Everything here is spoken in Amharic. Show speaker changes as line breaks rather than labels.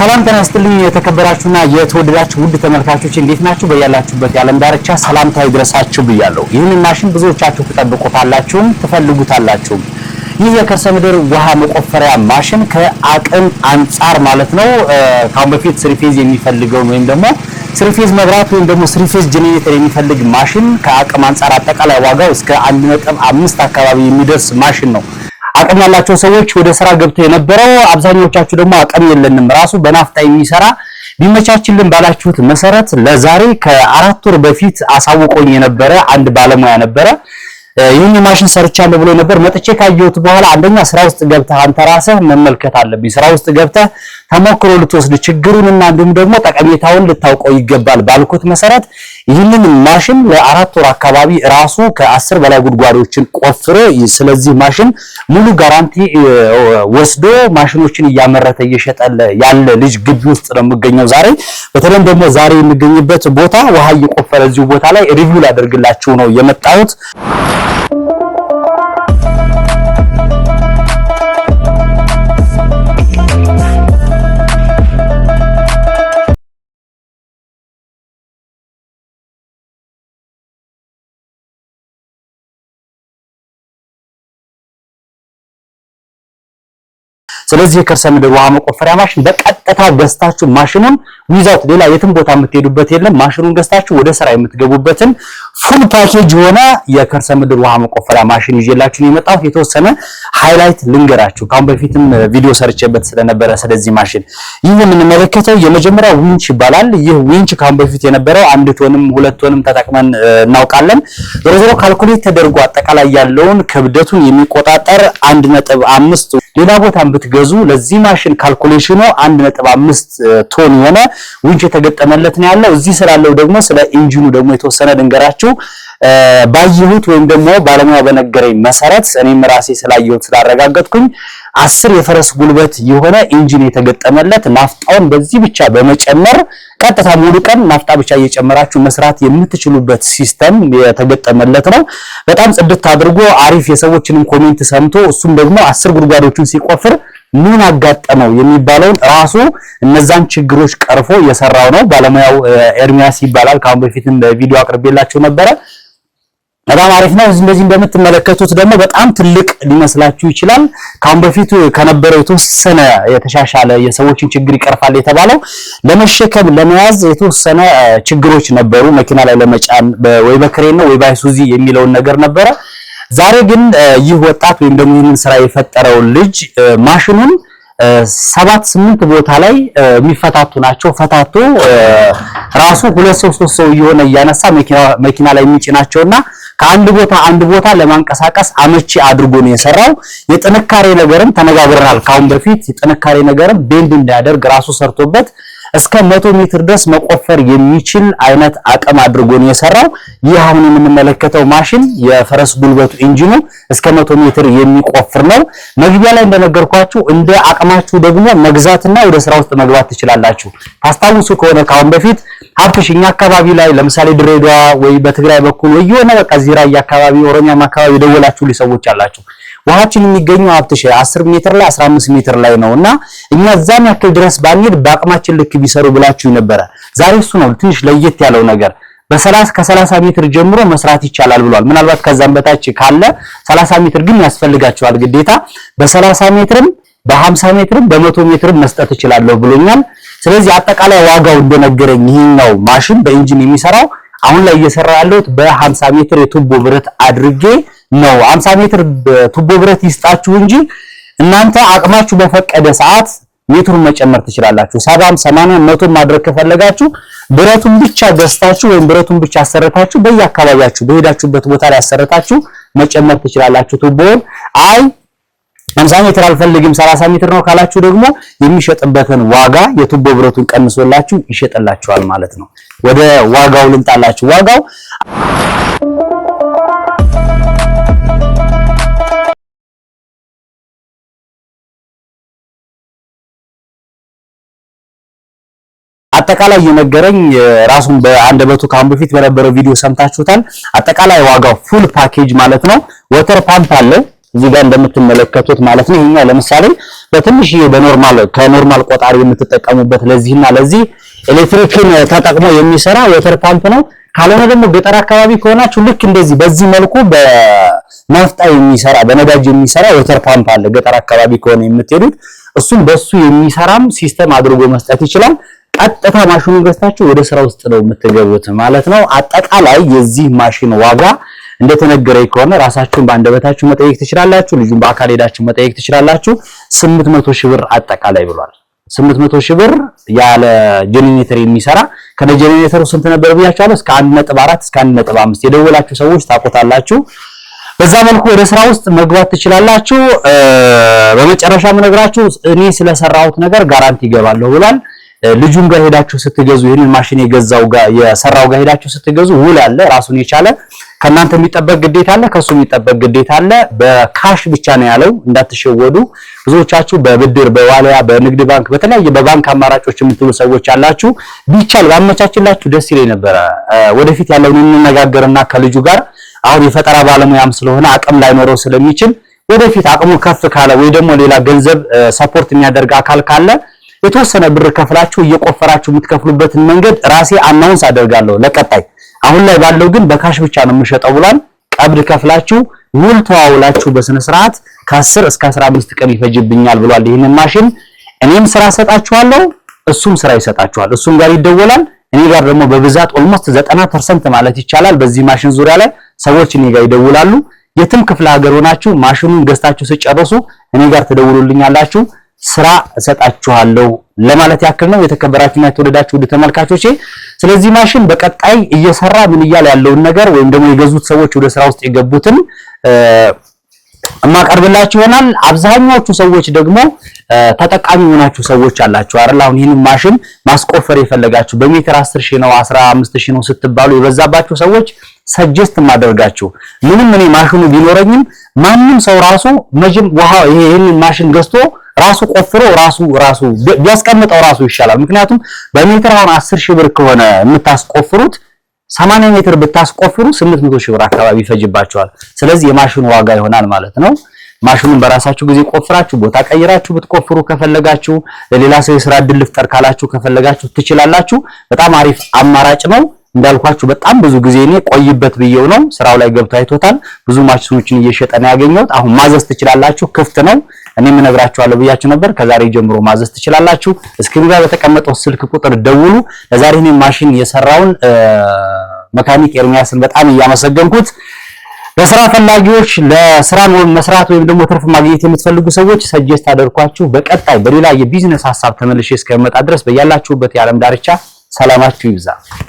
ሰላም ጤና ይስጥልኝ። የተከበራችሁና የተወደዳችሁ ውድ ተመልካቾች እንዴት ናችሁ? በያላችሁበት የዓለም ዳርቻ ሰላምታዊ ድረሳችሁ ብያለሁ። ይህንን ማሽን ብዙዎቻችሁ ትጠብቁታላችሁም ትፈልጉታላችሁም። ይህ የከርሰ ምድር ውሃ መቆፈሪያ ማሽን ከአቅም አንጻር ማለት ነው ካሁን በፊት ስሪፌዝ የሚፈልገውን ወይም ደግሞ ስሪፌዝ መብራት ወይም ደግሞ ስሪፌዝ ጄኔሬተር የሚፈልግ ማሽን ከአቅም አንጻር አጠቃላይ ዋጋው እስከ 1.5 አካባቢ የሚደርስ ማሽን ነው አቅም ያላቸው ሰዎች ወደ ስራ ገብተው የነበረው አብዛኞቻቹ ደግሞ አቅም የለንም ራሱ በናፍታ የሚሰራ ቢመቻችልን ባላችሁት መሰረት ለዛሬ ከአራት ወር በፊት አሳውቆኝ የነበረ አንድ ባለሙያ ነበረ። ይህን ማሽን ሰርቻለሁ ብሎ ነበር። መጥቼ ካየሁት በኋላ አንደኛ ስራ ውስጥ ገብተህ አንተ ራስህ መመልከት አለብኝ። ስራ ውስጥ ገብተህ ተሞክሮ ልትወስድ ችግሩንና እንዲሁም ደግሞ ጠቀሜታውን ልታውቀው ይገባል ባልኩት መሰረት ይህንን ማሽን ለአራት ወር አካባቢ ራሱ ከአስር በላይ ጉድጓዶችን ቆፍሮ ስለዚህ ማሽን ሙሉ ጋራንቲ ወስዶ ማሽኖችን እያመረተ እየሸጠ ያለ ልጅ ግቢ ውስጥ ነው የምገኘው ዛሬ። በተለይም ደግሞ ዛሬ የሚገኝበት ቦታ ውሃ እየቆፈረ እዚሁ ቦታ ላይ ሪቪው ላደርግላችሁ ነው የመጣሁት። Thank you. ስለዚህ የከርሰ ምድር ውሃ መቆፈሪያ ማሽን በቀጥታ ገዝታችሁ ማሽኑን ዊዛውት ሌላ የትም ቦታ የምትሄዱበት የለም። ማሽኑን ገዝታችሁ ወደ ስራ የምትገቡበትን ፉል ፓኬጅ የሆነ የከርሰ ምድር ውሃ መቆፈሪያ ማሽን ይዤላችሁ ነው የመጣሁት። የተወሰነ ሃይላይት ልንገራችሁ። ካሁን በፊትም ቪዲዮ ሰርቼበት ስለነበረ ስለዚህ ማሽን ይህ የምንመለከተው የመጀመሪያ ዊንች ይባላል። ይህ ዊንች ካሁን በፊት የነበረው አንድ ቶንም ሁለት ቶንም ተጠቅመን እናውቃለን። ዞሮ ዞሮ ካልኩሌት ተደርጎ አጠቃላይ ያለውን ክብደቱን የሚቆጣጠር አንድ ነጥብ አምስት ሌላ ቦታም ብትገዙ ለዚህ ማሽን ካልኩሌሽኑ 1.5 ቶን የሆነ ዊንች የተገጠመለት ነው ያለው። እዚህ ስላለው ደግሞ ስለ ኢንጂኑ ደግሞ የተወሰነ ድንገራችሁ ባየሁት ወይም ደግሞ ባለሙያ በነገረኝ መሰረት እኔም ራሴ ስላየሁት ስላረጋገጥኩኝ አስር የፈረስ ጉልበት የሆነ ኢንጂን የተገጠመለት ናፍጣውን በዚህ ብቻ በመጨመር ቀጥታ ሙሉ ቀን ናፍጣ ብቻ እየጨመራችሁ መስራት የምትችሉበት ሲስተም የተገጠመለት ነው። በጣም ጽድት አድርጎ አሪፍ የሰዎችንም ኮሜንት ሰምቶ እሱም ደግሞ አስር ጉድጓዶችን ሲቆፍር ምን አጋጠመው የሚባለውን ራሱ እነዛን ችግሮች ቀርፎ የሰራው ነው ባለሙያው ኤርሚያስ ይባላል። ከአሁን በፊትም በቪዲዮ አቅርቤላችሁ ነበረ። በጣም አሪፍ ነው። እንደዚህ እንደምትመለከቱት ደግሞ በጣም ትልቅ ሊመስላችሁ ይችላል። ካሁን በፊት ከነበረው የተወሰነ የተሻሻለ የሰዎችን ችግር ይቀርፋል የተባለው ለመሸከም ለመያዝ የተወሰነ ችግሮች ነበሩ። መኪና ላይ ለመጫን ወይ በክሬን ነው ወይ ባይሱዚ የሚለውን ነገር ነበረ። ዛሬ ግን ይህ ወጣት ወይም ደግሞ ይህንን ስራ የፈጠረው ልጅ ማሽኑን ሰባት ስምንት ቦታ ላይ የሚፈታቱ ናቸው ፈታቶ ራሱ ሁለት ሰው ሶስት ሰው እየሆነ እያነሳ መኪና ላይ የሚጭናቸውና ከአንድ ቦታ አንድ ቦታ ለማንቀሳቀስ አመቺ አድርጎ ነው የሰራው። የጥንካሬ ነገርም ተነጋግረናል ካሁን በፊት የጥንካሬ ነገርም ቤንድ እንዳያደርግ ራሱ ሰርቶበት እስከ መቶ ሜትር ድረስ መቆፈር የሚችል አይነት አቅም አድርጎ ነው የሰራው። ይህ አሁን የምንመለከተው ማሽን የፈረስ ጉልበቱ ኢንጂኑ እስከ መቶ ሜትር የሚቆፍር ነው። መግቢያ ላይ እንደነገርኳችሁ እንደ አቅማችሁ ደግሞ መግዛትና ወደ ስራ ውስጥ መግባት ትችላላችሁ። ታስታውሱ ከሆነ ካሁን በፊት ሀብትሽ እኛ አካባቢ ላይ ለምሳሌ ድሬዳዋ ወይ በትግራይ በኩል ወይ የሆነ በቃ ዚራ አካባቢ ኦሮሚያም አካባቢ የደወላችሁ ሰዎች አላችሁ። ውሃችን የሚገኘው ሀብትሽ 10 ሜትር ላይ 15 ሜትር ላይ ነውና እኛ እዛም ያክል ድረስ ባንሄድ በአቅማችን ልክ ቢሰሩ ብላችሁ ነበረ። ዛሬ እሱ ነው ትንሽ ለየት ያለው ነገር በሰላሳ ከ30 ሜትር ጀምሮ መስራት ይቻላል ብሏል። ምናልባት ከዛም በታች ካለ ሰላሳ ሜትር ግን ያስፈልጋቸዋል ግዴታ። በ30 ሜትርም በ50 ሜትርም በመቶ ሜትርም መስጠት እችላለሁ ብሎኛል። ስለዚህ አጠቃላይ ዋጋው እንደነገረኝ ይህኛው ማሽን በኢንጂን የሚሰራው አሁን ላይ እየሰራ ያለሁት በ50 ሜትር የቱቦ ብረት አድርጌ ነው። 50 ሜትር ቱቦ ብረት ይስጣችሁ እንጂ እናንተ አቅማችሁ በፈቀደ ሰዓት ሜትሩን መጨመር ትችላላችሁ። 70፣ 80፣ መቶ ማድረግ ከፈለጋችሁ ብረቱን ብቻ ገዝታችሁ ወይም ብረቱን ብቻ አሰርታችሁ በየአካባቢያችሁ በሄዳችሁበት ቦታ ላይ አሰርታችሁ መጨመር ትችላላችሁ ቱቦውን አይ 50 ሜትር አልፈልግም 30 ሜትር ነው ካላችሁ ደግሞ የሚሸጥበትን ዋጋ የቱቦ ብረቱን ቀንሶላችሁ ይሸጥላችኋል ማለት ነው። ወደ ዋጋው ልምጣላችሁ። ዋጋው አጠቃላይ የነገረኝ ራሱን በአንደበቱ ካሁን በፊት በነበረው ቪዲዮ ሰምታችሁታል። አጠቃላይ ዋጋው ፉል ፓኬጅ ማለት ነው። ወተር ፓምፕ አለው እዚህ ጋር እንደምትመለከቱት ማለት ነው። ይሄኛው ለምሳሌ በትንሽ በኖርማል ከኖርማል ቆጣሪ የምትጠቀሙበት ለዚህና ለዚህ ኤሌክትሪክን ተጠቅሞ የሚሰራ ወተር ፓምፕ ነው። ካልሆነ ደግሞ ገጠር አካባቢ ከሆናችሁ ልክ እንደዚህ በዚህ መልኩ በናፍጣ የሚሰራ በነዳጅ የሚሰራ ወተር ፓምፕ አለ። ገጠር አካባቢ ከሆነ የምትሄዱት እሱም በሱ የሚሰራም ሲስተም አድርጎ መስጠት ይችላል። ቀጥታ ማሽኑን ገዝታችሁ ወደ ስራ ውስጥ ነው የምትገቡት ማለት ነው። አጠቃላይ የዚህ ማሽን ዋጋ እንደተነገረ ከሆነ ራሳችሁን በአንደበታችሁ መጠየቅ ትችላላችሁ። ልጁን በአካል ሄዳችሁ መጠየቅ ትችላላችሁ። 800 ሺህ ብር አጠቃላይ ብሏል። 800 ሺህ ብር ያለ ጄኔሬተር የሚሰራ ከነ ጄኔሬተሩ ስንት ነበር ብያችኋለሁ። እስከ 1.4 እስከ አምስት የደወላችሁ ሰዎች ታቆታላችሁ። በዛ መልኩ ወደ ስራ ውስጥ መግባት ትችላላችሁ። በመጨረሻ ነግራችሁ እኔ ስለሰራሁት ነገር ጋራንቲ ይገባለሁ ብሏል። ልጁም ጋር ሄዳችሁ ስትገዙ ይህንን ማሽን የገዛው ጋር የሰራው ጋር ሄዳችሁ ስትገዙ ውል አለ ራሱን የቻለ ከእናንተ የሚጠበቅ ግዴታ አለ፣ ከሱ የሚጠበቅ ግዴታ አለ። በካሽ ብቻ ነው ያለው፣ እንዳትሸወዱ። ብዙዎቻችሁ በብድር በዋልያ በንግድ ባንክ በተለያየ በባንክ አማራጮች የምትሉ ሰዎች አላችሁ። ቢቻል ባመቻችላችሁ ደስ ይለኝ ነበረ። ወደፊት ያለውን እንነጋገርና ከልጁ ጋር አሁን የፈጠራ ባለሙያም ስለሆነ አቅም ላይኖረው ስለሚችል ወደፊት አቅሙ ከፍ ካለ ወይ ደግሞ ሌላ ገንዘብ ሰፖርት የሚያደርግ አካል ካለ የተወሰነ ብር ከፍላችሁ እየቆፈራችሁ የምትከፍሉበትን መንገድ ራሴ አናውንስ አደርጋለሁ ለቀጣይ አሁን ላይ ባለው ግን በካሽ ብቻ ነው የምንሸጠው ብሏል። ቀብድ ከፍላችሁ ውል ተዋውላችሁ በስነ ስርዓት ከ10 እስከ 15 ቀን ይፈጅብኛል ብሏል። ይህንን ማሽን እኔም ስራ ሰጣችኋለሁ እሱም ስራ ይሰጣችኋል። እሱም ጋር ይደወላል፣ እኔ ጋር ደግሞ በብዛት ኦልሞስት 90% ማለት ይቻላል በዚህ ማሽን ዙሪያ ላይ ሰዎች እኔ ጋር ይደውላሉ። የትም ክፍለ ሀገር ሆናችሁ ማሽኑን ገዝታችሁ ስጨርሱ እኔ ጋር ትደውሉልኛላችሁ። ስራ እሰጣችኋለሁ ለማለት ያክል ነው። የተከበራችሁና የተወደዳችሁ ውድ ተመልካቾቼ፣ ስለዚህ ማሽን በቀጣይ እየሰራ ምን እያለ ያለውን ነገር ወይም ደግሞ የገዙት ሰዎች ወደ ስራ ውስጥ የገቡትን እማቀርብላችሁ ይሆናል። አብዛኛዎቹ ሰዎች ደግሞ ተጠቃሚ የሆናችሁ ሰዎች አላችሁ አይደል? አሁን ይህን ማሽን ማስቆፈር የፈለጋችሁ በሜትር 10 ሺህ ነው 15 ሺህ ነው ስትባሉ የበዛባችሁ ሰዎች ሰጀስት ማደርጋችሁ ምንም እኔ ማሽኑ ቢኖረኝም ማንም ሰው ራሱ መጅም ይሄንን ማሽን ገዝቶ ራሱ ቆፍሮ ራሱ ራሱ ቢያስቀምጠው ራሱ ይሻላል። ምክንያቱም በሜትር አሁን 10 ሺህ ብር ከሆነ የምታስቆፍሩት 80 ሜትር ብታስቆፍሩ 800 ሺህ ብር አካባቢ ይፈጅባቸዋል። ስለዚህ የማሽኑ ዋጋ ይሆናል ማለት ነው። ማሽኑን በራሳችሁ ጊዜ ቆፍራችሁ ቦታ ቀይራችሁ ብትቆፍሩ ከፈለጋችሁ ለሌላ ሰው የስራ እድል ልፍጠር ካላችሁ ከፈለጋችሁ ትችላላችሁ። በጣም አሪፍ አማራጭ ነው። እንዳልኳችሁ በጣም ብዙ ጊዜ እኔ ቆይበት ብዬው ነው። ስራው ላይ ገብቶ አይቶታል። ብዙ ማሽኖችን እየሸጠ ነው ያገኘሁት። አሁን ማዘዝ ትችላላችሁ፣ ክፍት ነው። እኔም እነግራችኋለሁ ብያችሁ ነበር። ከዛሬ ጀምሮ ማዘዝ ትችላላችሁ። እስክሪኑ ጋር በተቀመጠው ስልክ ቁጥር ደውሉ። ለዛሬ እኔ ማሽን የሰራውን መካኒክ ኤርሚያስን በጣም እያመሰገንኩት ለስራ ፈላጊዎች ለስራ መስራት ወይም ደግሞ ትርፍ ማግኘት የምትፈልጉ ሰዎች ሰጀስት አደርኳችሁ። በቀጣይ በሌላ የቢዝነስ ሀሳብ ተመልሼ እስከመጣ ድረስ በያላችሁበት የዓለም ዳርቻ ሰላማችሁ ይብዛ።